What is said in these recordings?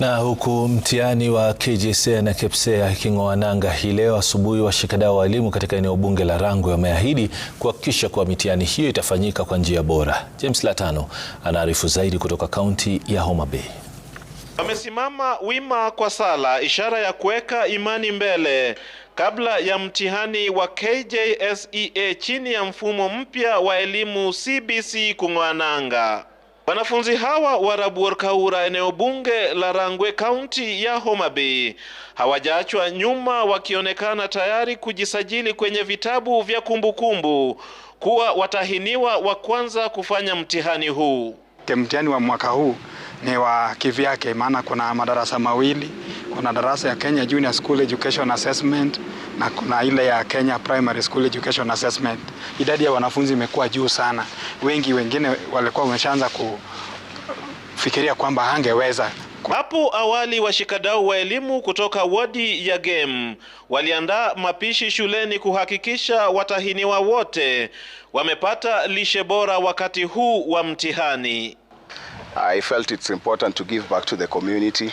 Na huku mtihani wa KJSEA na KPSEA iking'oa nanga hii leo asubuhi, washikadau wa elimu katika eneo bunge la Rangwe wameahidi kuhakikisha kuwa mitihani hiyo itafanyika kwa njia bora. James Latano anaarifu zaidi kutoka kaunti ya Homa Bay. Wamesimama wima kwa sala, ishara ya kuweka imani mbele kabla ya mtihani wa KJSEA chini ya mfumo mpya wa elimu CBC kung'oa nanga. Wanafunzi hawa wa Rabuor Kaura, eneo bunge la Rangwe, kaunti ya Homa Bay, hawajaachwa nyuma, wakionekana tayari kujisajili kwenye vitabu vya kumbukumbu kuwa watahiniwa wa kwanza kufanya mtihani huu. Mtihani wa mwaka huu ni wa kivyake, maana kuna madarasa mawili kuna darasa ya Kenya Junior School Education Assessment na kuna ile ya Kenya Primary School Education Assessment. Idadi ya wanafunzi imekuwa juu sana, wengi wengine walikuwa wameshaanza kufikiria kwamba hangeweza. Hapo awali washikadau wa elimu kutoka wadi ya Game waliandaa mapishi shuleni kuhakikisha watahiniwa wote wamepata lishe bora wakati huu wa mtihani. I felt it's important to give back to the community.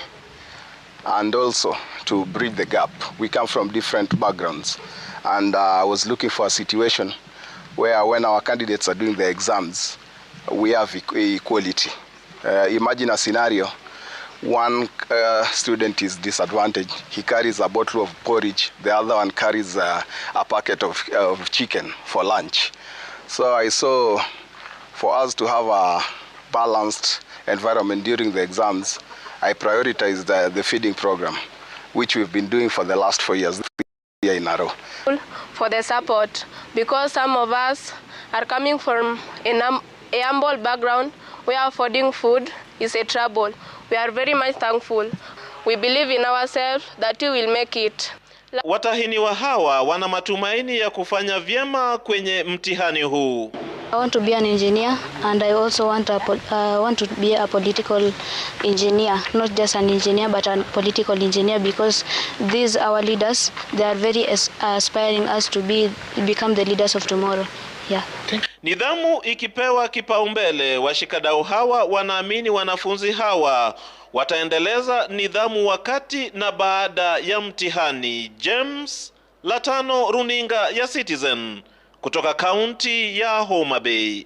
and also to bridge the gap. We come from different backgrounds, and uh, I was looking for a situation where when our candidates are doing their exams, we have e equality. Uh, imagine a scenario one uh, student is disadvantaged. He carries a bottle of porridge. The other one carries a, uh, a packet of, of chicken for lunch. So I saw for us to have a balanced environment during the exams, I prioritized the, the feeding program, which we've been doing for the last four years year in a row. For the support, because some of us are coming from a, a humble background where affording food is a trouble. We are very much thankful. We believe in ourselves that we will make it. Watahiniwa hawa wana matumaini ya kufanya vyema kwenye mtihani huu. I want to be an engineer and I also want, a, uh, want to be a political engineer, not just an engineer but a political engineer because these our leaders, they are very aspiring us to be, become the leaders of tomorrow. Yeah. Nidhamu ikipewa kipaumbele, washikadau hawa wanaamini wanafunzi hawa wataendeleza nidhamu wakati na baada ya mtihani. James Latano, runinga ya Citizen kutoka kaunti ya Homa Bay.